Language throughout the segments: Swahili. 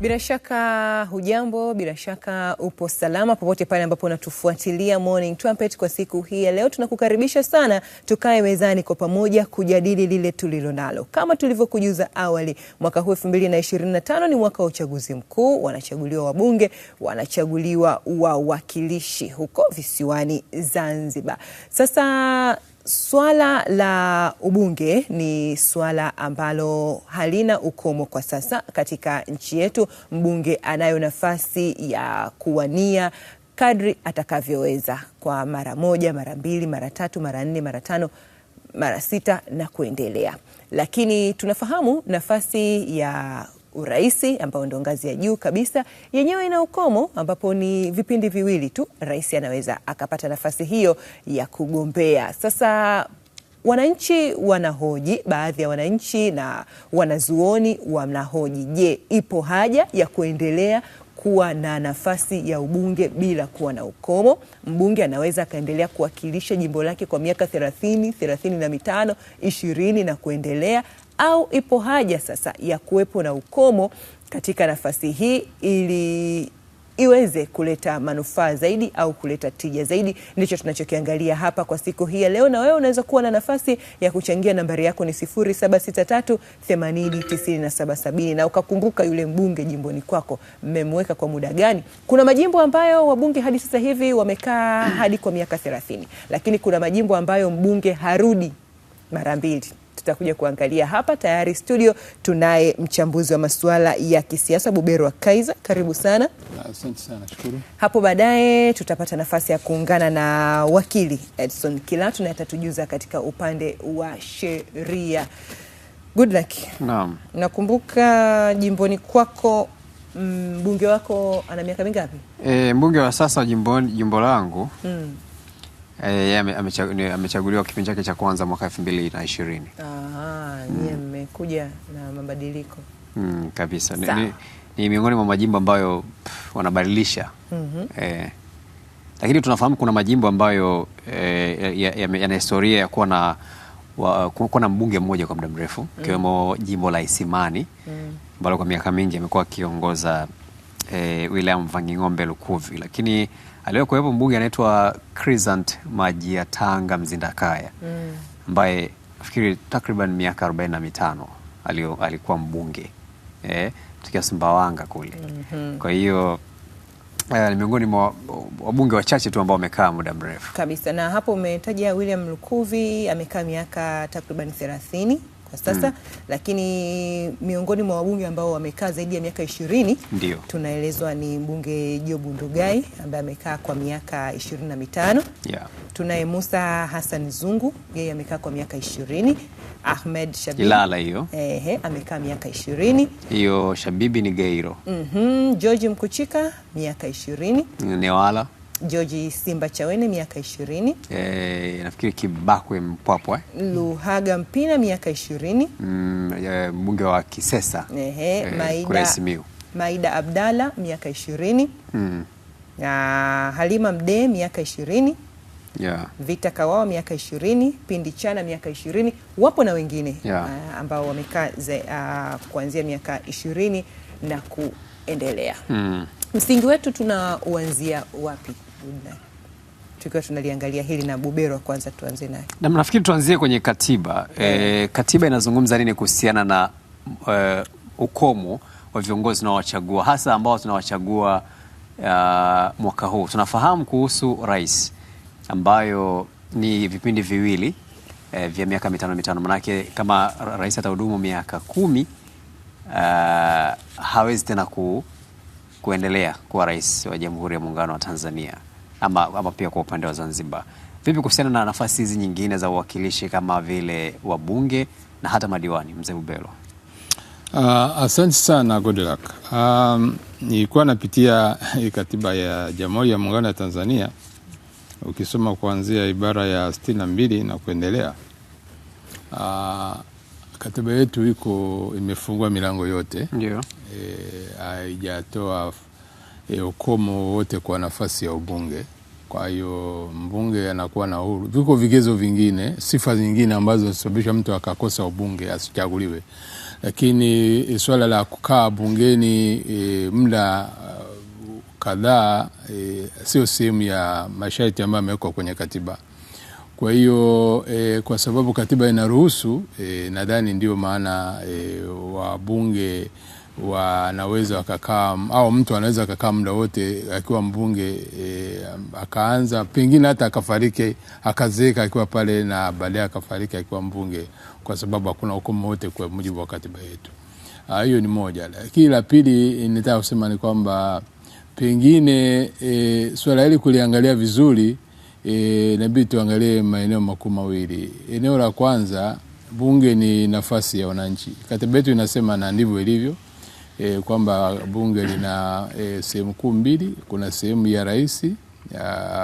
Bila shaka hujambo, bila shaka upo salama popote pale ambapo unatufuatilia Morning Trumpet kwa siku hii ya leo. Tunakukaribisha sana, tukae mezani kwa pamoja kujadili lile tulilo nalo. Kama tulivyokujuza awali, mwaka huu 2025 ni mwaka wa uchaguzi mkuu, wanachaguliwa wabunge, wanachaguliwa wawakilishi huko visiwani Zanzibar. Sasa Swala la ubunge ni swala ambalo halina ukomo kwa sasa katika nchi yetu. Mbunge anayo nafasi ya kuwania kadri atakavyoweza kwa mara moja, mara mbili, mara tatu, mara nne, mara tano, mara sita na kuendelea, lakini tunafahamu nafasi ya uraisi ambao ndio ngazi ya juu kabisa, yenyewe ina ukomo ambapo ni vipindi viwili tu rais anaweza akapata nafasi hiyo ya kugombea. Sasa wananchi wanahoji, baadhi ya wananchi na wanazuoni wanahoji, je, ipo haja ya kuendelea kuwa na nafasi ya ubunge bila kuwa na ukomo. Mbunge anaweza akaendelea kuwakilisha jimbo lake kwa miaka 30, 35, 20 na kuendelea, au ipo haja sasa ya kuwepo na ukomo katika nafasi hii ili iweze kuleta manufaa zaidi au kuleta tija zaidi, ndicho tunachokiangalia hapa kwa siku hii ya leo, na wewe unaweza kuwa na nafasi ya kuchangia. Nambari yako ni 0763 na ukakumbuka yule mbunge jimboni kwako mmemweka kwa muda gani? Kuna majimbo ambayo wabunge hadi sasa hivi wamekaa hadi kwa miaka 30, lakini kuna majimbo ambayo mbunge harudi mara mbili tutakuja kuangalia hapa. Tayari studio tunaye mchambuzi wa masuala ya kisiasa Buberwa Kaiza, karibu sana. Asante sana, shukuru. Hapo baadaye tutapata nafasi ya kuungana na wakili Edson Kilatu na atatujuza katika upande wa sheria. Good luck. Naam. Nakumbuka jimboni kwako mm, mbunge wako ana miaka mingapi? E, mbunge wa sasa jimboni, jimbo langu mm. Eh, yeye amechaguliwa kipindi chake cha kwanza mwaka 2020. Ah, yeye mm. mmekuja na mabadiliko. Mm, kabisa. Ni, ni, ni miongoni mwa majimbo ambayo pff, wanabadilisha. Mm -hmm. E, lakini tunafahamu kuna majimbo ambayo e, eh, yana ya, ya historia ya kuwa na kuwa na mbunge mmoja kwa muda mrefu mm. ikiwemo mm. jimbo la Isimani mm. ambalo mm. kwa miaka mingi amekuwa akiongoza eh, wilaya ng'ombe Lukuvi, lakini aliyokuwepo mbunge anaitwa Crescent Maji ya Tanga Mzindakaya mm. ambaye mm. nafikiri takriban miaka arobaini na mitano alikuwa mbunge eh, tukiwa Sumbawanga kule mm -hmm. kwa hiyo eh, ni miongoni mwa wabunge wachache tu ambao wamekaa muda mrefu kabisa. Na hapo umetaja William Lukuvi amekaa miaka takriban thelathini kwa sasa mm. Lakini miongoni mwa wabunge ambao wamekaa zaidi ya miaka ishirini ndio tunaelezwa ni mbunge Job Ndugai mm. ambaye amekaa kwa miaka ishirini na mitano yeah. Tunaye Musa Hassan Zungu yeye amekaa kwa miaka ishirini Ahmed Shabibi Ilala hiyo ehe, amekaa miaka ishirini hiyo. Shabibi ni Gairo. mm -hmm. George Mkuchika miaka ishirini Newala George Simba Chawene miaka ishirini. Eh, nafikiri Kibakwe Mpwapwa eh? Luhaga Mpina miaka ishirini. Mm, mbunge wa Kisesa Ehe, e, Maida, Maida Abdalla miaka ishirini. Mm. Na Halima Mdee miaka ishirini. Yeah. Vita Kawawa miaka ishirini, Pindi Chana miaka ishirini, wapo na wengine yeah. Uh, ambao wamekaa uh, kuanzia miaka ishirini na kuendelea. Mm. Msingi wetu tunauanzia wapi? muda tukiwa tunaliangalia hili na Buberwa, kwanza tuanze naye. Na nafikiri tuanzie kwenye katiba e, katiba inazungumza nini kuhusiana na e, ukomo wa viongozi tunaowachagua hasa ambao tunawachagua uh, mwaka huu. Tunafahamu kuhusu rais ambayo ni vipindi viwili e, vya miaka mitano mitano, manake kama rais atahudumu miaka kumi uh, hawezi tena ku, kuendelea kuwa rais wa Jamhuri ya Muungano wa Tanzania ama, ama pia kwa upande wa Zanzibar. Vipi kuhusiana na nafasi hizi nyingine za uwakilishi kama vile wabunge na hata madiwani, mzee Bubelwa? Uh, asante sana Goodluck. Um, nilikuwa napitia katiba ya Jamhuri ya Muungano wa Tanzania, ukisoma kuanzia ibara ya sitini na mbili na kuendelea uh, katiba yetu iko imefungua milango yote, ndio eh, haijatoa yeah. E, e, ukomo wowote kwa nafasi ya ubunge. Kwa hiyo mbunge anakuwa na uhuru. Viko vigezo vingine, sifa zingine ambazo zinasababisha mtu akakosa ubunge asichaguliwe, lakini e, swala la kukaa bungeni e, muda uh, kadhaa e, sio sehemu ya masharti ambayo amewekwa kwenye katiba. Kwa hiyo e, kwa sababu katiba inaruhusu e, nadhani ndio maana e, wabunge wanaweza wakakaa au mtu anaweza akakaa muda wote akiwa mbunge e, akaanza pengine hata akafariki akazeeka akiwa pale na baadaye akafariki akiwa mbunge, kwa sababu hakuna hukumu wote kwa mujibu wa katiba yetu. Ah, hiyo ni moja, lakini la pili nitaka kusema ni kwamba pengine e, swala hili kuliangalia vizuri e, nabidi tuangalie maeneo makuu mawili. Eneo la kwanza, bunge ni nafasi ya wananchi, katiba yetu inasema na ndivyo ilivyo e, kwamba bunge lina e, sehemu kuu mbili, kuna sehemu ya rais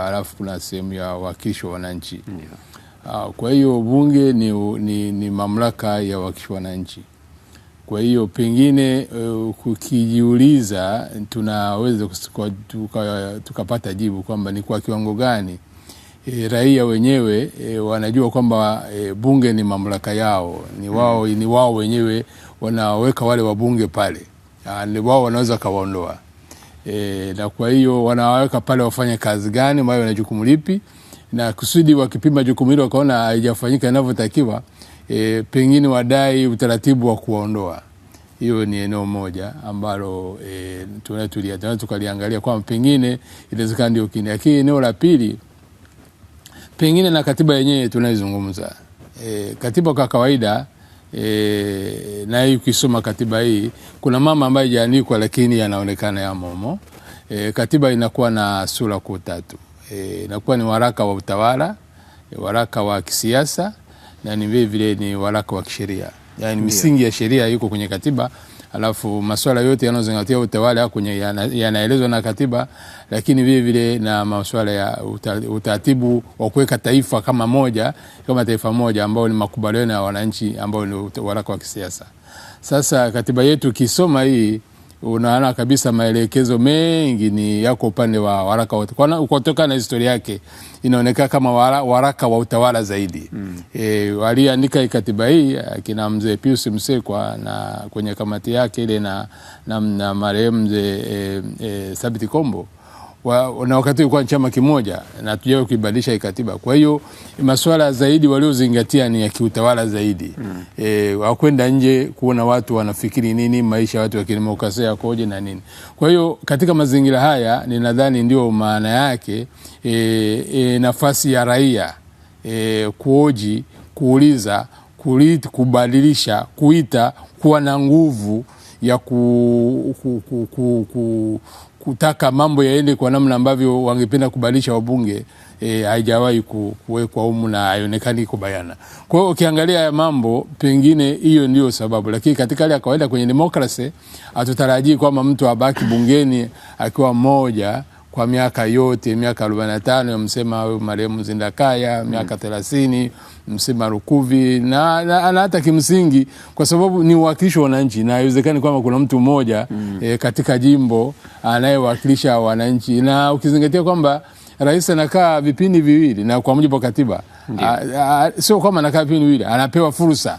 alafu kuna sehemu ya wawakilishi wa wananchi yeah. Ah, kwa hiyo bunge ni, ni, ni mamlaka ya wawakilishi wa wananchi. Kwa hiyo pengine e, kukijiuliza, tunaweza tukapata tuka jibu kwamba ni kwa kiwango gani E, raia wenyewe e, wanajua kwamba e, bunge ni mamlaka yao, ni wao, ni wao wenyewe wanaweka wale wabunge pale. Ah, ni wao wanaweza kawaondoa e, na kwa hiyo wanawaweka pale wafanye kazi gani, wao wana jukumu lipi, na kusudi wakipima jukumu hilo wakaona haijafanyika inavyotakiwa, e, pengine wadai utaratibu wa kuwaondoa. Hiyo ni eneo moja ambalo e, tuna tunaweza tukaliangalia kwa pengine inawezekana ndio kini. Lakini eneo la pili pengine na katiba yenyewe tunaizungumza. E, katiba kwa kawaida e, na hii ukisoma katiba hii kuna mama ambaye jaandikwa lakini yanaonekana yamomo. E, katiba inakuwa na sura kuu tatu. E, inakuwa ni waraka wa utawala, e, waraka wa kisiasa na ni vile vile ni waraka wa kisheria, yaani misingi ya sheria iko kwenye katiba alafu masuala yote yanayozingatia utawala kwenye yanaelezwa na katiba, lakini vile vile na masuala ya utaratibu wa kuweka taifa kama moja kama taifa moja ambao ni makubaliano ya wananchi ambao ni waraka wa kisiasa. Sasa katiba yetu kisoma hii unaona kabisa maelekezo mengi ni yako upande wa waraka wote. Kutokana na historia yake inaonekana kama wara, waraka wa utawala zaidi mm. E, waliandika katiba hii akina mzee Pius Msekwa na kwenye kamati yake ile na, na, na marehemu mzee e, e, Sabiti Kombo wa, na wakati ulikuwa chama kimoja na tujawe kuibadilisha ikatiba. Kwa hiyo masuala zaidi waliozingatia ni ya kiutawala zaidi mm. E, eh, wakwenda nje kuona watu wanafikiri nini, maisha watu ya kidemokrasia yakoje na nini. Kwa hiyo katika mazingira haya ninadhani ndio maana yake e, e, nafasi ya raia e, kuoji, kuuliza, kubadilisha, kuita, kuwa na nguvu ya ku, ku, ku, ku, ku kutaka mambo yaende kwa namna ambavyo wangependa kubadilisha wabunge e, haijawahi kuwekwa humu na haionekani iko bayana. Kwa hiyo ukiangalia haya mambo, pengine hiyo ndio sababu, lakini katika hali ya kawaida kwenye demokrasi hatutarajii kwamba mtu abaki bungeni akiwa mmoja kwa miaka yote, miaka 45 yamsema marehemu Zindakaya, miaka 30 mm. Msema Rukuvi na, na, na hata kimsingi kwa sababu ni uwakilishi wa wananchi, na haiwezekani kwamba kuna mtu mmoja mm. e, katika jimbo anayewakilisha wananchi, na ukizingatia kwamba rais anakaa vipindi viwili na kwa mujibu wa katiba sio kwamba anakaa vipindi viwili, anapewa fursa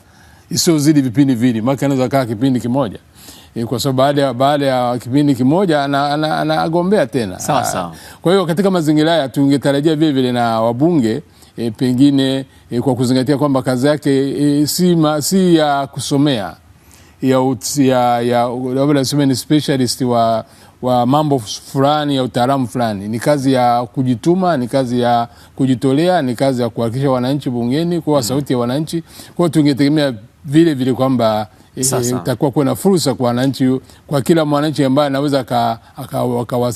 isiozidi vipindi viwili, maana anaweza kaa kipindi kimoja eh, kwa sababu baada ya baada ya kipindi kimoja anagombea ana, ana, ana tena. Sawa sawa. Kwa hiyo katika mazingira haya tungetarajia vile vile na wabunge e, pengine e, kwa kuzingatia kwamba kazi yake e, si, ma, si ya kusomea ya labda niseme ni specialist wa, wa mambo fulani ya utaalamu fulani. Ni kazi ya kujituma, ni kazi ya kujitolea, ni kazi ya kuhakikisha wananchi bungeni, kuwa mm. sauti ya wananchi. Kwa hiyo tungetegemea vile vile kwamba itakuwa e, kuna fursa kwa wananchi, kwa kila mwananchi ambaye anaweza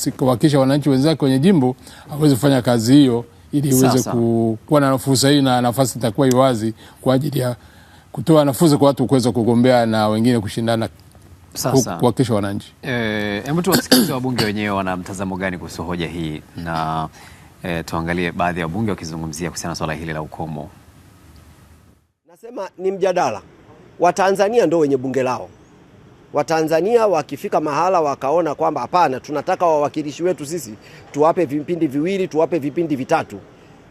akawakilisha wananchi wenzake kwenye jimbo aweze kufanya kazi hiyo ili iweze kuwa na fursa hii na nafasi itakuwa iwazi kwa ajili ya kutoa nafasi kwa watu kuweza kugombea na wengine kushindana kuhakikisha wananchi. Eh, hebu tuwasikilize wabunge wenyewe wana mtazamo gani kuhusu hoja hii na e, tuangalie baadhi ya wabunge wakizungumzia kuhusiana na swala hili la ukomo. Nasema ni mjadala, Watanzania ndio wenye bunge lao. Watanzania wakifika mahala wakaona kwamba hapana, tunataka wawakilishi wetu sisi tuwape vipindi viwili, tuwape vipindi vitatu,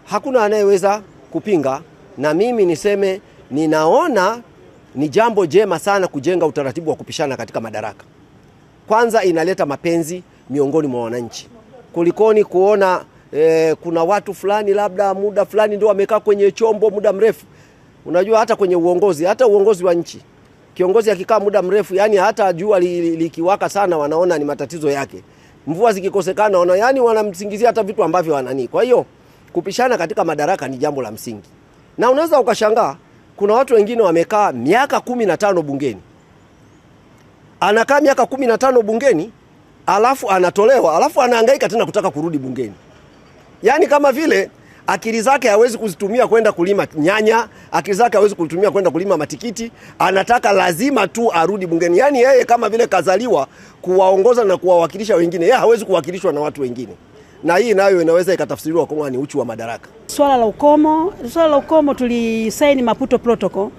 hakuna anayeweza kupinga. Na mimi niseme ninaona ni jambo jema sana kujenga utaratibu wa kupishana katika madaraka. Kwanza inaleta mapenzi miongoni mwa wananchi kulikoni kuona eh, kuna watu fulani labda muda fulani ndio wamekaa kwenye chombo muda mrefu. Unajua hata kwenye uongozi, hata uongozi wa nchi Kiongozi akikaa muda mrefu, yani hata jua likiwaka li, li sana, wanaona ni matatizo yake. Mvua zikikosekana, wana yani wanamsingizia hata vitu ambavyo wanani. Kwa hiyo kupishana katika madaraka ni jambo la msingi, na unaweza ukashangaa kuna watu wengine wamekaa miaka kumi na tano bungeni, anakaa miaka kumi na tano bungeni alafu anatolewa alafu anahangaika tena kutaka kurudi bungeni, yani kama vile akili zake hawezi kuzitumia kwenda kulima nyanya, akili zake hawezi kutumia kwenda kulima matikiti. Anataka lazima tu arudi bungeni, yaani yeye kama vile kazaliwa kuwaongoza na kuwawakilisha wengine. Yeye hawezi kuwakilishwa na watu wengine, na hii nayo inaweza ikatafsiriwa kama ni uchu wa madaraka. Swala la ukomo, swala la ukomo tulisaini Maputo Protocol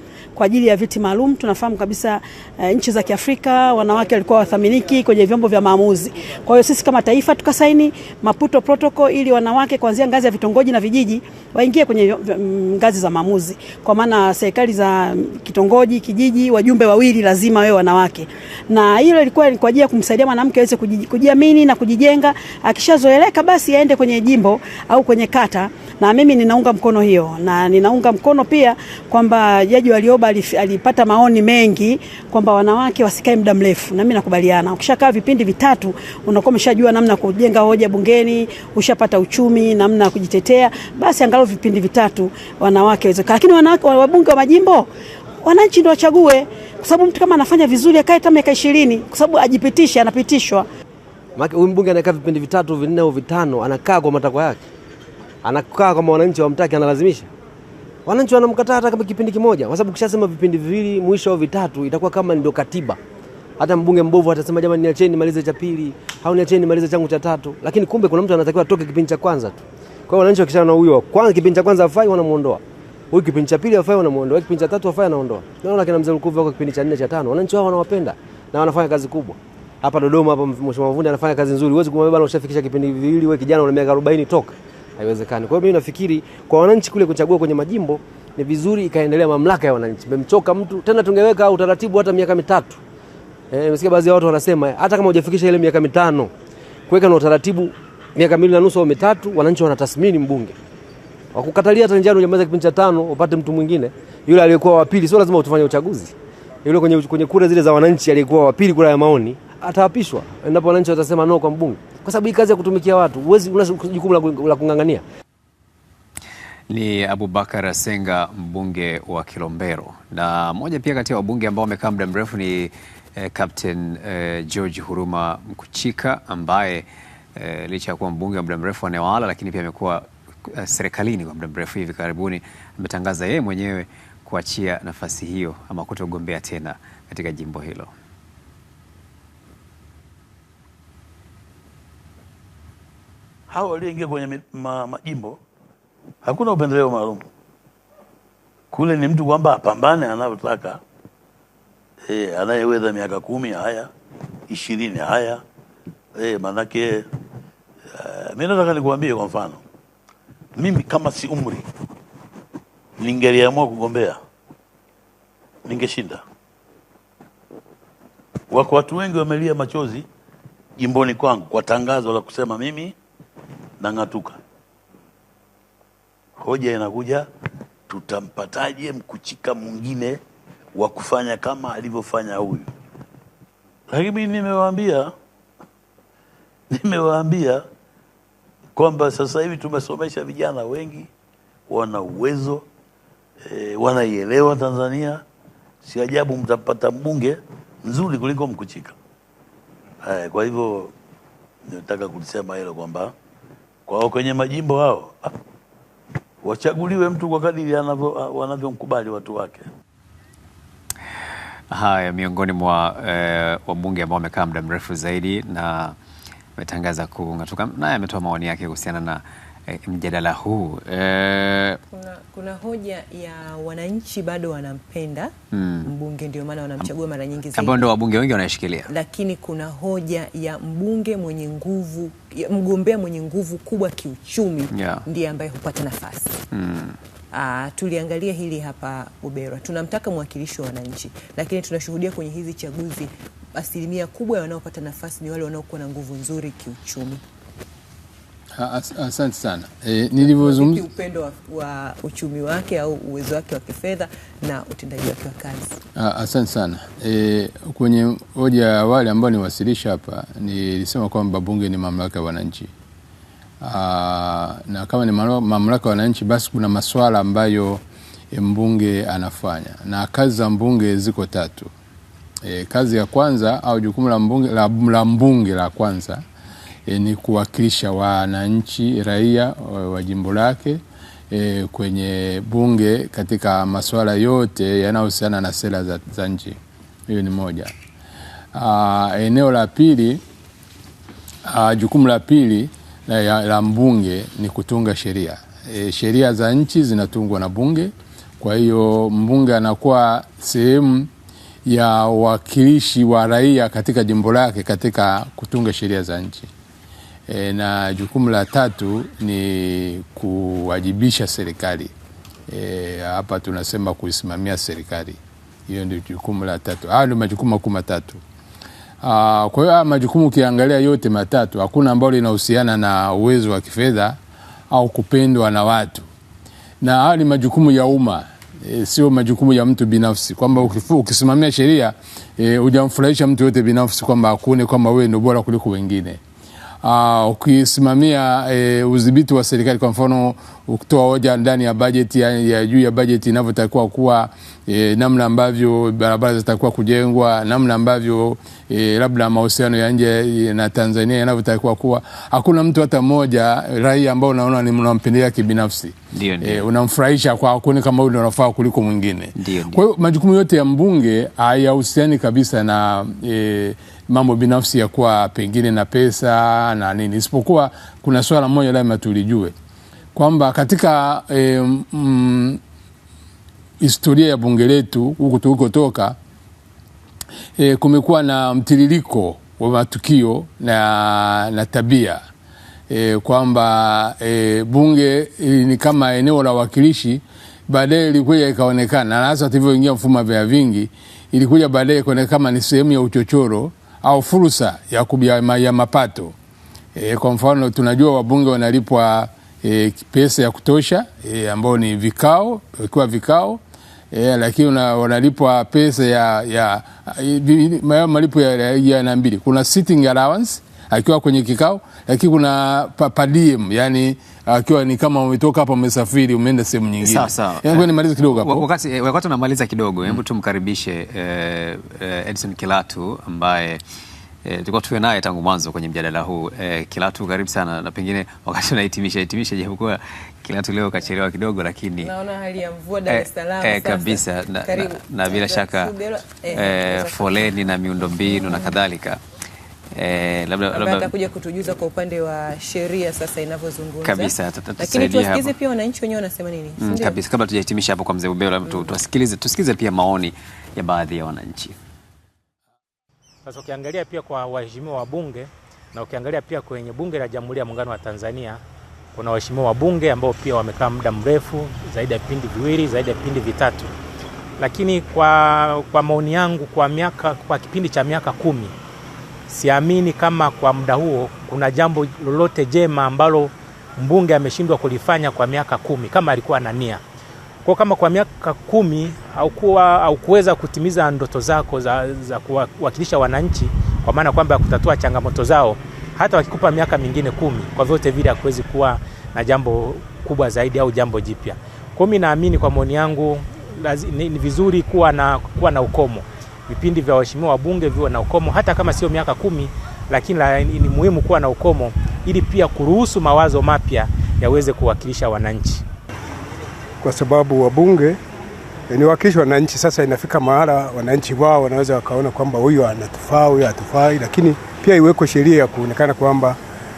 kwa ajili ya viti maalum. Tunafahamu kabisa uh, nchi za Kiafrika wanawake walikuwa wathaminiki kwenye vyombo vya maamuzi. Kwa hiyo sisi kama taifa tukasaini Maputo Protocol ili wanawake kuanzia ngazi ya vitongoji na vijiji waingie kwenye mm, ngazi za maamuzi, kwa maana serikali za mm, kitongoji, kijiji, wajumbe wawili lazima wewe wanawake, na hilo ilikuwa ni kwa ajili ya kumsaidia mwanamke aweze kujiamini na kujijenga. Akishazoeleka basi aende kwenye jimbo au kwenye kata, na mimi ninaunga mkono hiyo, na ninaunga mkono pia kwamba Jaji Warioba alipata maoni mengi kwamba wanawake wasikae muda mrefu, na mimi nakubaliana. Ukishakaa vipindi vitatu unakuwa umeshajua namna kujenga hoja bungeni, ushapata uchumi, namna ya kujitetea, basi angalau vipindi vitatu wanawake waweze. Lakini wanawake wabunge wa majimbo wananchi ndio wachague, kwa sababu mtu kama anafanya vizuri akae hata miaka 20 kwa sababu ajipitishe, anapitishwa. Huyu mbunge anakaa vipindi vitatu vinne au vitano, anakaa kwa matakwa yake, anakaa kama wananchi wamtaki, analazimisha wananchi wanamkataa hata kama kipindi kimoja, kwa sababu kishasema vipindi viwili, mwisho au vitatu itakuwa kama ndio katiba. Hata mbunge mbovu atasema jamani, niacheni nimalize cha pili, au niacheni nimalize changu cha tatu, lakini kumbe kuna mtu anatakiwa atoke kipindi cha kwanza tu. Kwa hiyo wananchi wakishana huyo kwanza, kipindi cha kwanza afai, wanamuondoa huyu, kipindi cha pili afai, wanamuondoa kipindi cha tatu afai, anaondoa. Naona kina mzee Lukuvi wako kipindi cha nne cha tano, wananchi wao wanawapenda na wanafanya kazi kubwa hapa Dodoma. Hapa mheshimiwa Mvunde anafanya kazi nzuri, huwezi kumwambia bwana, ushafikisha kipindi viwili, wewe kijana una miaka 40 toka haiwezekani. Kwa hiyo mimi nafikiri kwa wananchi kule kuchagua kwenye majimbo ni vizuri ikaendelea mamlaka ya wananchi. Memchoka mtu tena, tungeweka utaratibu hata miaka mitatu. Eh, nimesikia baadhi ya watu wanasema hata kama hujafikisha ile miaka mitano, kuweka na utaratibu miaka miwili na nusu au mitatu, wananchi wanatathmini mbunge wakukatalia hata njano, unamaliza kipindi cha tano upate mtu mwingine, yule aliyekuwa wa pili. Sio lazima utufanye uchaguzi, yule kwenye, kwenye kura zile za wananchi aliyekuwa wa pili, kura ya maoni, ataapishwa endapo wananchi watasema no kwa mbunge kwa sababu hii kazi ya kutumikia watu huwezi, una jukumu la kung'ang'ania. Ni Abubakar Asenga, mbunge wa Kilombero, na mmoja pia kati ya wabunge ambao wamekaa muda mrefu ni eh, Captain eh, George Huruma Mkuchika ambaye eh, licha ya kuwa mbunge wa muda mrefu wa Newala, lakini pia amekuwa eh, serikalini kwa muda mrefu. Hivi karibuni ametangaza yeye mwenyewe kuachia nafasi hiyo ama kutogombea tena katika jimbo hilo. hao walioingia kwenye ma, majimbo hakuna upendeleo maalum kule, ni mtu kwamba apambane anavyotaka e, anayeweza miaka kumi haya ishirini haya e, manake uh, mi nataka nikuambie kwa mfano, mimi kama si umri ningeliamua kugombea ningeshinda. Wako watu wengi wamelia machozi jimboni kwangu kwa tangazo la kusema mimi nang'atuka. Hoja inakuja, tutampataje mkuchika mwingine wa kufanya kama alivyofanya huyu? Lakini nimewaambia, nimewaambia kwamba sasa hivi tumesomesha vijana wengi, wana uwezo e, wanaielewa Tanzania. Si ajabu mtapata mbunge mzuri kuliko Mkuchika. Haya, eh, kwa hivyo nataka kulisema hilo kwamba kwao kwenye majimbo hao wachaguliwe mtu kwa kadiri wanavyomkubali watu wake. Haya, miongoni mwa e, wabunge ambao wamekaa muda mrefu zaidi na ametangaza kung'atuka, naye ametoa maoni yake kuhusiana na Eh, mjadala huu e... kuna, kuna hoja ya wananchi bado wanampenda mm. mbunge, ndio maana wanamchagua mara nyingi zaidi, ambao ndio wabunge wengi wanashikilia, lakini kuna hoja ya mbunge mwenye nguvu, mgombea mwenye nguvu kubwa kiuchumi yeah. ndiye ambaye hupata nafasi mm. Uh, tuliangalia hili hapa Ubera, tunamtaka mwakilishi wa wananchi, lakini tunashuhudia kwenye hizi chaguzi asilimia kubwa ya wanaopata nafasi ni wale wanaokuwa na nguvu nzuri kiuchumi. Ah, asante sana e, eh, nilivyozungumza upendo wa, wa uchumi wake au uwezo wake wa kifedha na utendaji wake wa kazi. Ah, asante sana e, kwenye hoja ya awali ambayo niwasilisha hapa nilisema kwamba bunge ni mamlaka ya wananchi ah, na kama ni mamlaka ya wananchi, basi kuna masuala ambayo eh, mbunge anafanya na kazi za mbunge ziko tatu. E, kazi ya kwanza au jukumu la mbunge la, la mbunge la kwanza e, ni kuwakilisha wananchi raia wa jimbo lake e, kwenye bunge katika masuala yote yanayohusiana na sera za, za nchi. Hiyo ni moja. Aa, eneo la pili, jukumu la pili la, la mbunge ni kutunga sheria e, sheria za nchi zinatungwa na bunge. Kwa hiyo mbunge anakuwa sehemu ya wakilishi wa raia katika jimbo lake katika kutunga sheria za nchi e, na jukumu la tatu ni kuwajibisha serikali e, hapa tunasema kuisimamia serikali. Hiyo ndio jukumu la tatu. Hayo ndio majukumu makuu matatu. kwa hiyo majukumu ukiangalia yote matatu hakuna ambalo linahusiana na uwezo wa kifedha au kupendwa na watu, na haya ni majukumu ya umma e, sio majukumu ya mtu binafsi, kwamba ukisimamia sheria e, hujamfurahisha mtu yote binafsi, kwamba akuone kwamba wewe ndio bora kuliko wengine uh, ukisimamia uh, udhibiti wa serikali, kwa mfano ukitoa hoja ndani ya bajeti ya, ya juu ya bajeti inavyotakiwa kuwa E, namna ambavyo barabara zitakuwa kujengwa, namna ambavyo e, labda mahusiano ya nje na Tanzania yanavyotakiwa kuwa. Hakuna mtu hata mmoja raia ambao unaona ni mnampendelea kibinafsi, e, unamfurahisha kwa kuona kama huyu unafaa kuliko mwingine. Kwa hiyo majukumu yote ya mbunge hayahusiani kabisa na e, mambo binafsi ya kuwa pengine na pesa na nini, isipokuwa kuna swala moja lazima tulijue kwamba katika e, mm, historia ya bunge letu huku tulikotoka, e, kumekuwa na mtiririko wa matukio na, na tabia e, kwamba e, bunge e, ni kama eneo la wakilishi baadaye ilikuja ikaonekana, na hasa tulivyoingia mfumo wa vyama vingi, ilikuja baadaye ikaonekana kama ni sehemu ya uchochoro au fursa ya, kubia, ya mapato e, kwa mfano tunajua wabunge wanalipwa e, pesa ya kutosha e, ambao ni vikao ikiwa vikao e, lakini wanalipwa pesa ya, ya, ya malipo ya, ya na mbili. Kuna sitting allowance akiwa kwenye kikao, lakini kuna padiem yani akiwa ni kama umetoka hapa umesafiri umeenda sehemu nyingine. Sawa yaani Nimalize kidogo hapo. Wakati eh, wakati unamaliza kidogo, hebu tumkaribishe eh, eh, Edson Kilatu ambaye eh, tulikuwa tuwe naye tangu mwanzo kwenye mjadala huu. Eh, Kilatu karibu sana na pengine wakati unahitimisha hitimisha, japokuwa Kilatu leo kachelewa kidogo, lakini naona hali ya mvua Dar es Salaam eh, eh, kabisa na, na, na, na bila shaka eh, eh foleni na miundombinu na kadhalika. Eh, labda atakuja kutujuza kwa upande wa sheria sasa inavyozungumza kabisa, lakini pia wananchi wenyewe wanasema nini mm, kabisa. Kabla tujahitimisha hapo kwa mzee Bubelo, mm, tuwasikilize tusikilize pia maoni ya baadhi ya wananchi. Sasa ukiangalia pia kwa waheshimiwa wa bunge na ukiangalia pia kwenye bunge la Jamhuri ya Muungano wa Tanzania kuna waheshimiwa wa bunge ambao pia wamekaa muda mrefu zaidi ya vipindi viwili zaidi ya vipindi vitatu, lakini kwa, kwa maoni yangu kwa miaka, kwa kipindi cha miaka kumi siamini kama kwa muda huo kuna jambo lolote jema ambalo mbunge ameshindwa kulifanya kwa miaka kumi kama alikuwa na nia. Kwa kama kwa miaka kumi haukuwa kutimiza ndoto zako za, za kuwakilisha wananchi, kwa maana kwamba kutatua changamoto zao, hata wakikupa miaka mingine kumi, kwa vyote vile hakuwezi kuwa na jambo kubwa zaidi au jambo jipya. Kwa mimi naamini, kwa maoni yangu, ni vizuri kuwa na, kuwa na ukomo vipindi vya waheshimiwa wabunge viwe na ukomo, hata kama sio miaka kumi, lakini ni muhimu kuwa na ukomo ili pia kuruhusu mawazo mapya yaweze kuwakilisha wananchi, kwa sababu wabunge eh, ni wakilishi wananchi. Sasa inafika mahala wananchi wao wanaweza wakaona kwamba huyu anatufaa, huyu hatufai, lakini pia iwekwe sheria ya kuonekana kwamba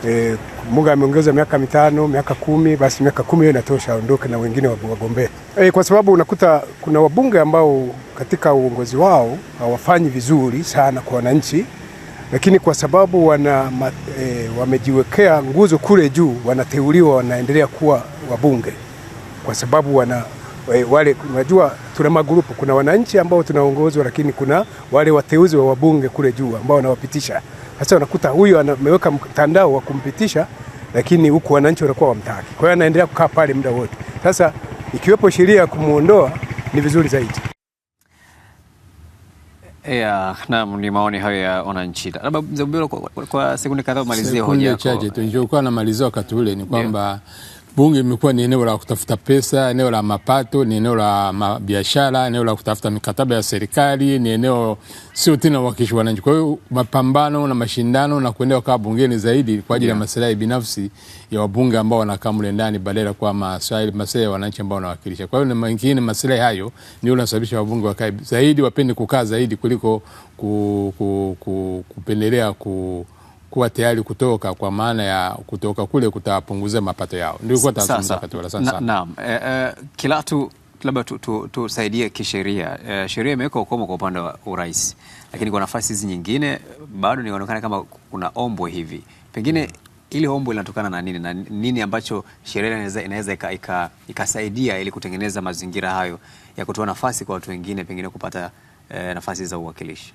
e, Mungu ameongeza miaka mitano, miaka kumi, basi miaka kumi hiyo inatosha, aondoke na wengine wagombee. E, kwa sababu unakuta kuna wabunge ambao katika uongozi wao hawafanyi vizuri sana kwa wananchi, lakini kwa sababu wana e, wamejiwekea nguzo kule juu, wanateuliwa, wanaendelea kuwa wabunge kwa sababu wana wale unajua, tuna magrupu, kuna wananchi ambao tunaongozwa, lakini kuna wale wateuzi wa wabunge kule juu ambao wanawapitisha. Sasa unakuta huyu ameweka mtandao wa kumpitisha, lakini huku wananchi wanakuwa wamtaki, kwa hiyo anaendelea kukaa pale muda wote. Sasa ikiwepo sheria ya kumuondoa ni vizuri zaidi. Yeah, naam, ni maoni hayo ya wananchi. Labda Mzee kwa, sekunde kadhaa umalizie hoja yako. Chache tu nilikuwa namalizia wakati ule ni kwamba yeah. Bunge imekuwa ni eneo la kutafuta pesa, eneo la mapato, ni eneo la biashara, eneo la kutafuta mikataba ya serikali, ni eneo sio tena uwakilishi wananchi. Kwa hiyo mapambano na mashindano na kuendelea kukaa bungeni zaidi kwa ajili yeah, ya maslahi binafsi ya wabunge ambao wanakaa mle ndani badala kwa maslahi ya wananchi ambao wanawakilisha. Kwa hiyo mengine maslahi hayo ndio yanasababisha wabunge wakae zaidi, wapende kukaa zaidi kuliko ku, ku, ku, kupendelea ku kuwa tayari kutoka kwa maana ya kutoka kule kutapunguza mapato yao. Nilikuwa Naam, eh, eh, Kilatu labda tusaidie tu, tu kisheria. e, sheria imeweka ukomo kwa upande wa urais, lakini kwa nafasi hizi nyingine bado nionekana kama kuna ombwe hivi pengine hmm. Ili ombwe linatokana na nini na nini ambacho sheria inaweza ikasaidia ili kutengeneza mazingira hayo ya kutoa nafasi kwa watu wengine pengine kupata e, nafasi za uwakilishi?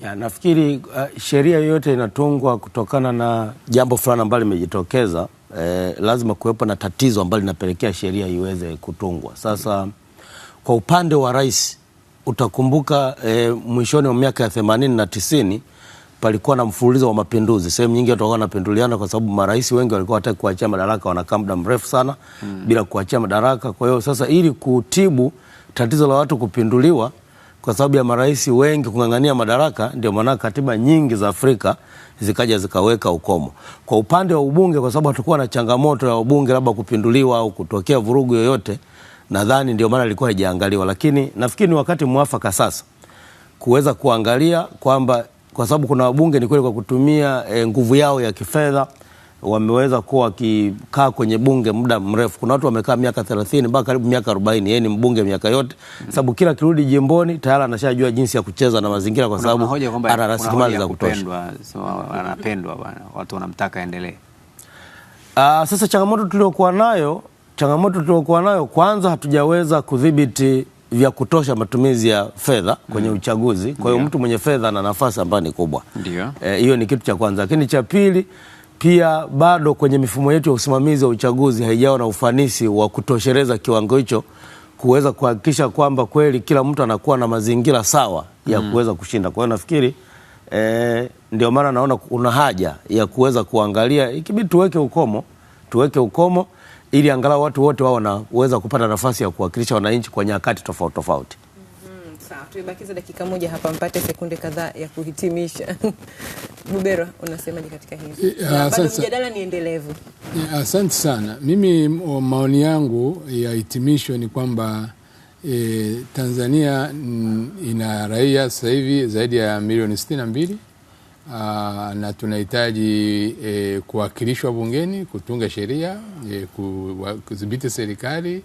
Ya, nafikiri uh, sheria yoyote inatungwa kutokana na jambo fulani ambalo limejitokeza. Eh, lazima kuwepo na tatizo ambalo linapelekea sheria iweze kutungwa. Sasa kwa upande wa rais utakumbuka, eh, mwishoni wa miaka ya themanini na tisini palikuwa na mfululizo wa mapinduzi. Sehemu nyingi watu walikuwa wanapinduliana kwa sababu marais wengi walikuwa wataki kuachia madaraka, wanakaa muda mrefu sana mm, bila kuachia madaraka. Kwa hiyo sasa, ili kutibu tatizo la watu kupinduliwa kwa sababu ya marais wengi kung'ang'ania madaraka, ndio maana katiba nyingi za Afrika zikaja zikaweka ukomo. Kwa upande wa ubunge, kwa sababu hatukuwa na changamoto ya ubunge labda kupinduliwa au kutokea vurugu yoyote, nadhani ndio maana ilikuwa haijaangaliwa, lakini nafikiri ni wakati mwafaka sasa kuweza kuangalia kwamba kwa sababu kuna wabunge ni kweli kwa kutumia e, nguvu yao ya kifedha wameweza kuwa wakikaa kwenye bunge muda mrefu. Kuna watu wamekaa miaka 30 mpaka karibu miaka 40. Yeye ni mbunge miaka yote, mm-hmm. sababu kila kirudi jimboni tayari anashajua jinsi ya kucheza na mazingira, kwa sababu ana rasilimali za kutosha. anapendwa bwana, watu wanamtaka Uh, sasa changamoto tuliokuwa nayo changamoto tuliokuwa nayo kwanza, hatujaweza kudhibiti vya kutosha matumizi ya fedha kwenye mm. uchaguzi. Kwa hiyo mtu mwenye fedha ana nafasi ambayo ni kubwa, eh, hiyo e, ni kitu cha kwanza, lakini cha pili pia bado kwenye mifumo yetu ya usimamizi wa uchaguzi haijawa na ufanisi wa kutosheleza kiwango hicho kuweza kuhakikisha kwamba kweli kila mtu anakuwa na mazingira sawa ya mm. kuweza kushinda. Kwa hiyo nafikiri eh, ndio maana naona kuna haja ya kuweza kuangalia, ikibidi tuweke ukomo, tuweke ukomo ili angalau watu wote wao wanaweza kupata nafasi ya kuwakilisha wananchi kwa nyakati tofauti tofauti. Sawa, tuibakiza dakika moja hapa mpate sekunde kadhaa ya kuhitimisha. Bubero, unasemaje katika hili? Eh, Bado mjadala ni endelevu. Eh, asante sana. Mimi maoni yangu ya hitimisho ni kwamba e, Tanzania n, mm, ina raia sasa hivi zaidi ya milioni sitini na mbili ah, na tunahitaji e, kuwakilishwa bungeni, kutunga sheria e, kudhibiti serikali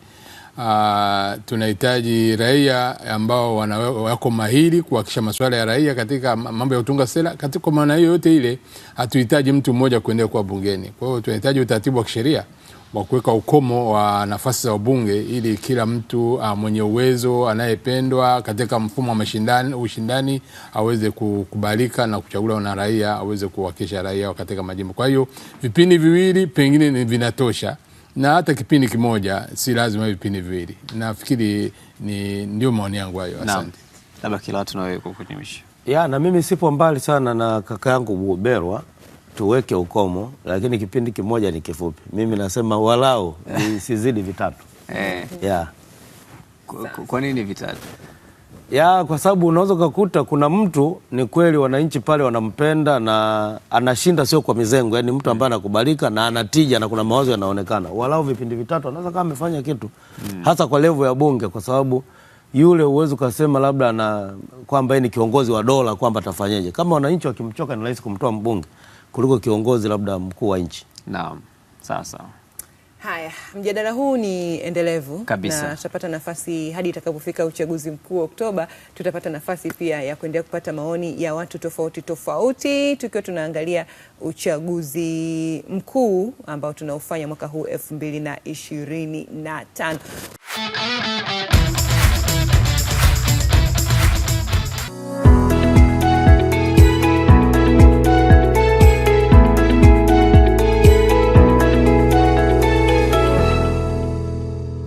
Uh, tunahitaji raia ambao wako mahiri kuhakikisha masuala ya raia katika mambo ya utunga sera. Katika maana hiyo yote ile, hatuhitaji mtu mmoja kuendelea kuwa bungeni. Kwa hiyo tunahitaji utaratibu wa kisheria wa kuweka ukomo wa nafasi za ubunge ili kila mtu uh, mwenye uwezo anayependwa katika mfumo wa mashindani, ushindani aweze kukubalika na kuchaguliwa na raia aweze kuwakilisha raia katika majimbo. Kwa hiyo vipindi viwili pengine vinatosha na hata kipindi kimoja si lazima vipindi viwili. Nafikiri ni ndio maoni yangu hayo, asante. Labda kila watu nawe kukunyamisha ya na mimi sipo mbali sana na kaka yangu Buberwa, tuweke ukomo, lakini kipindi kimoja ni kifupi. Mimi nasema walau sizidi vitatu. Eh. Kwa nini vitatu? ya kwa sababu unaweza ukakuta kuna mtu ni kweli wananchi pale wanampenda na anashinda, sio kwa mizengo, yani mtu ambaye anakubalika na anatija na kuna mawazo yanaonekana, walau vipindi vitatu anaweza kama amefanya kitu hmm. hasa kwa levu ya Bunge, kwa sababu yule huwezi ukasema labda na kwamba yeye ni kiongozi wa dola kwamba atafanyeje. Kama wananchi wakimchoka, ni rahisi kumtoa mbunge kuliko kiongozi labda mkuu wa nchi. Naam, sawa sawa. Haya, mjadala huu ni endelevu kabisa, na tutapata nafasi hadi itakapofika uchaguzi mkuu Oktoba, tutapata nafasi pia ya kuendelea kupata maoni ya watu tofauti tofauti, tukiwa tunaangalia uchaguzi mkuu ambao tunaofanya mwaka huu 2025.